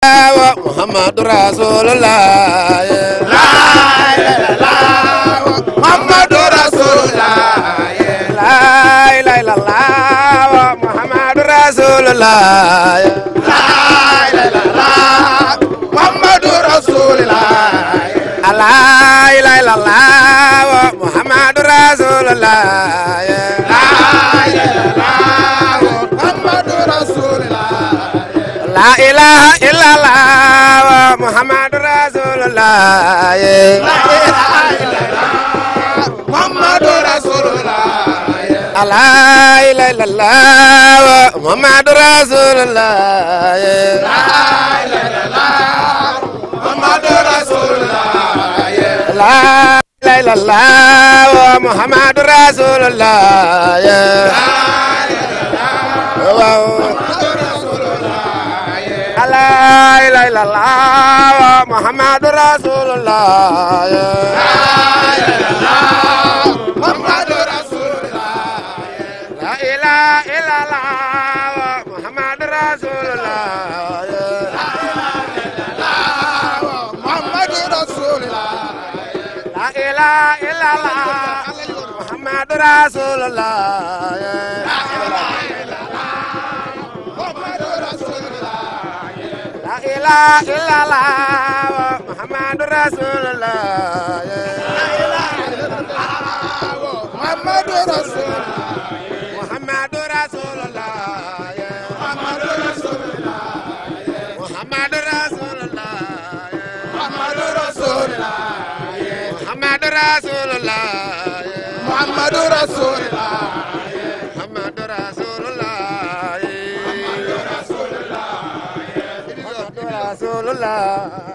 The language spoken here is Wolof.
Muhammadu Rasulullah la ilaha illallah Muhammadu Rasulullah la ilaha illallah Muhammadu Rasulullah la ilaha illallah Muhammadu Rasulullah la ilaha illallah Muhammadu Rasulullah la ilaha illallah muhammad rasulullah la ilaha illallah muhammad rasulullah la ilaha illallah muhammad rasulullah la ilaha illallah muhammad rasulullah la ilaha illallah muhammad rasulullah laa ilaaha illallaah Muhammadu Rasuulullaah laa ilaaha illallaah Muhammadu Rasuulullaah laa ilaaha illallaah Muhammadu Rasuulullaah laa ilaaha illallaah Muhammadu Rasuulullaah laa ilaaha illallaah Muhammadu ilaha illallah Muhammadu Rasulullah la ilaha illallah Muhammadu Rasulullah Muhammadu Rasulullah Muhammadu Rasulullah Muhammadu Rasulullah Muhammadu Rasulullah Muhammadu Rasulullah Muhammadu Rasulullah rasulullah